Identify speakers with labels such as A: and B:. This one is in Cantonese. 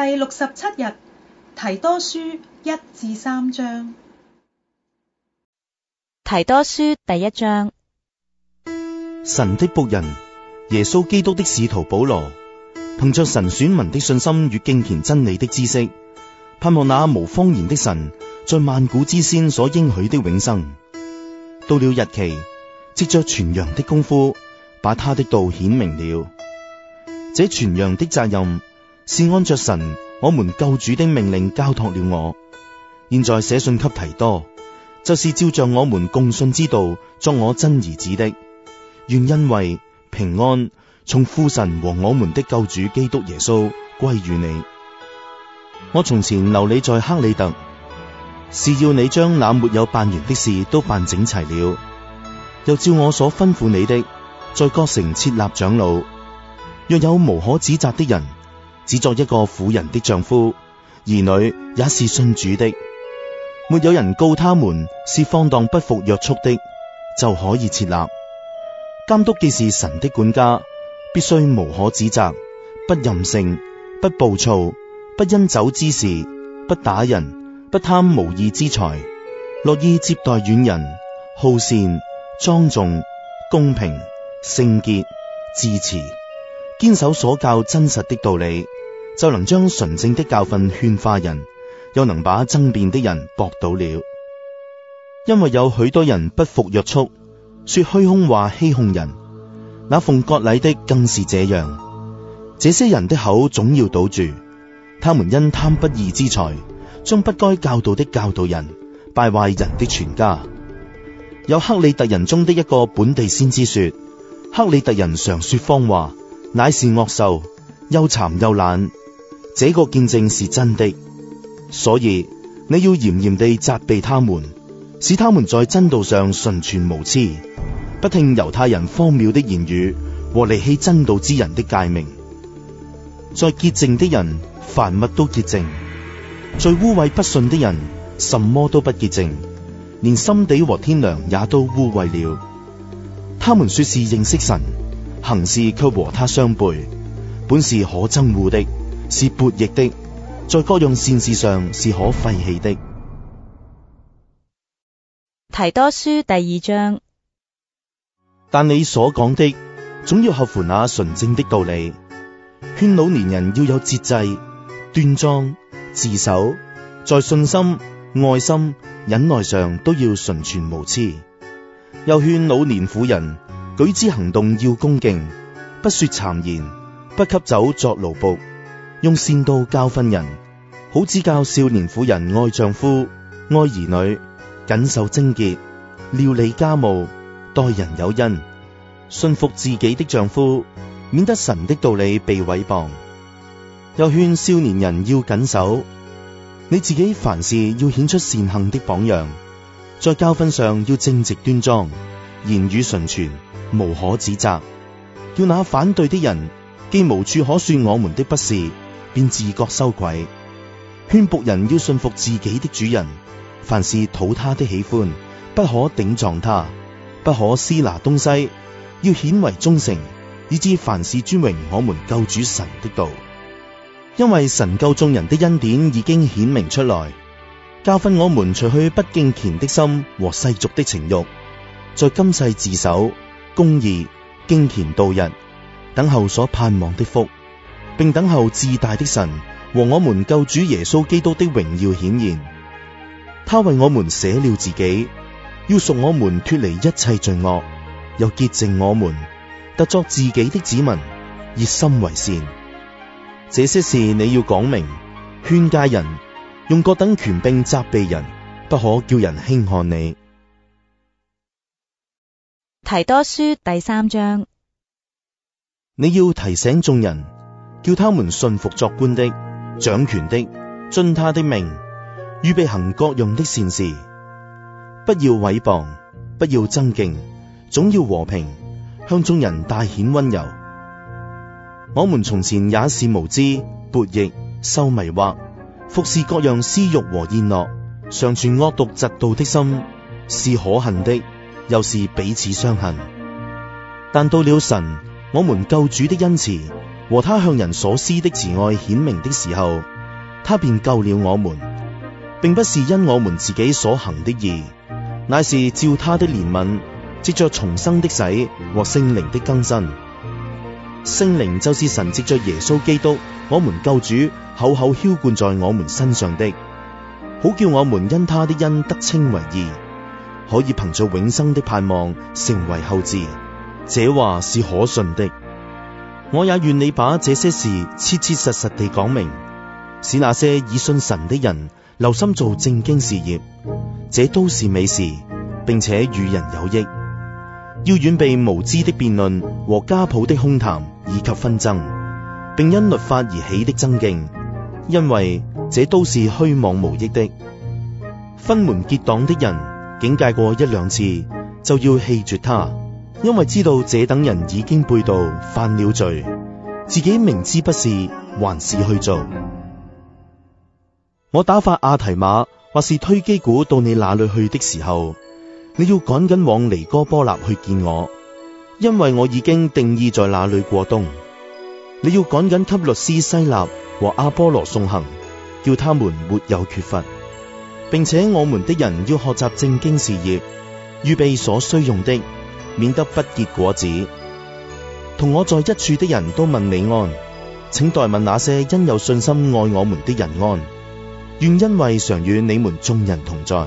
A: 第六十七日，提多書一至三章。提多書第一章。神的僕人耶穌基督的使徒保羅，憑着神選民的信心與敬虔真理的知識，盼望那無謊言的神在萬古之先所應許的永生。到了日期，藉着傳揚的功夫，把他的道顯明了。這傳揚的責任。是按着神，我們救主的命令交託了我。現在寫信給提多，就是照着我們共信之道作我真兒子的。願恩惠平安從父神和我們的救主基督耶穌歸於你。我從前留你在克里特，是要你將那沒有辦完的事都辦整齊了，又照我所吩咐你的，在各城設立長老。若有無可指責的人，只作一個婦人的丈夫，兒女也是信主的。沒有人告他們是放蕩不服約束的，就可以設立監督。既是神的管家，必須無可指責，不任性，不暴躁，不因酒之事，不打人，不貪無義之財，樂意接待遠人，好善莊重、公平、聖潔自持，堅守所教真實的道理。就能將純正的教訓勸化人，又能把爭辯的人駁倒了。因為有許多人不服約束，說虛空話欺哄人，那奉割禮的更是這樣。這些人的口總要堵住，他們因貪不義之財，將不該教導的教導人，敗壞人的全家。有克里特人中的一個本地先知說：克里特人常說謊話，乃是惡獸，又饞又懶。這個見證是真的，所以你要嚴嚴地責備他們，使他們在真道上純全無疵，不聽猶太人荒謬的言語和離棄真道之人的誡命。在潔淨的人，凡物都潔淨；在污穢不順的人，什麼都不潔淨，連心地和天良也都污穢了。他們說是認識神，行事却和他相背，本是可憎惡的。是悖逆的，在各樣善事上是可廢棄的。提多書第二章。但你所講的，總要合乎那純正的道理，勸老年人要有節制、端莊、自守，在信心、愛心、忍耐上都要純全無疵。又勸老年婦人，舉止行動要恭敬，不說讒言，不給酒作勞僕。用善道教訓人，好指教少年婦人愛丈夫、愛兒女，謹守貞潔，料理家務，待人有恩，信服自己的丈夫，免得神的道理被毀謗。又勸少年人要謹守，你自己凡事要顯出善行的榜樣，在教訓上要正直端莊，言語純全，無可指責，要那反對的人既無處可算我們的不是。便自覺羞愧，勸僕人要信服自己的主人，凡事討他的喜歡，不可頂撞他，不可私拿東西，要顯為忠誠，以至凡事尊榮，我們救主神的道。因為神救眾人的恩典已經顯明出來，教訓我們除去不敬虔的心和世俗的情欲，在今世自守、公義、敬虔度日，等候所盼望的福。並等候至大的神和我們救主耶穌基督的榮耀顯現。他為我們捨了自己，要贖我們脫離一切罪惡，又潔淨我們，特作自己的子民，熱心為善。這些事你要講明，勸戒人，用各等權柄責備人，不可叫人輕看你。提多書第三章，你要提醒眾人。叫他們順服作官的、掌權的，遵他的命，預備行各樣的善事。不要毀謗，不要爭競，總要和平，向眾人大顯温柔。我們從前也是無知、悖逆、受迷惑，服事各樣私欲和宴樂，常存惡毒嫉妒的心，是可恨的，又是彼此相恨。但到了神，我們救主的恩慈。和他向人所施的慈愛顯明的時候，他便救了我們，並不是因我們自己所行的義，乃是照他的憐憫，藉着重生的洗和聖靈的更新。聖靈就是神藉着耶穌基督，我們救主，厚厚澆灌在我們身上的，好叫我們因他的恩得稱為義，可以憑着永生的盼望成為後嗣。這話是可信的。我也願你把這些事切切實實地講明，使那些以信神的人留心做正經事業，這都是美事，並且與人有益。要遠避無知的辯論和家譜的空談以及紛爭，並因律法而起的爭競，因為這都是虛妄無益的。分門結黨的人，警戒過一兩次，就要棄絕他。因為知道這等人已經背道犯了罪，自己明知不是，還是去做。我打發亞提馬或是推機鼓到你那裏去的時候，你要趕緊往尼哥波納去見我，因為我已經定義在那裏過冬。你要趕緊給律師西納和阿波羅送行，叫他們沒有缺乏，並且我們的人要學習正經事業，預備所需用的。免得不結果子。同我在一處的人都問你安，請代問那些因有信心愛我們的人安。願因為常與你們眾人同在。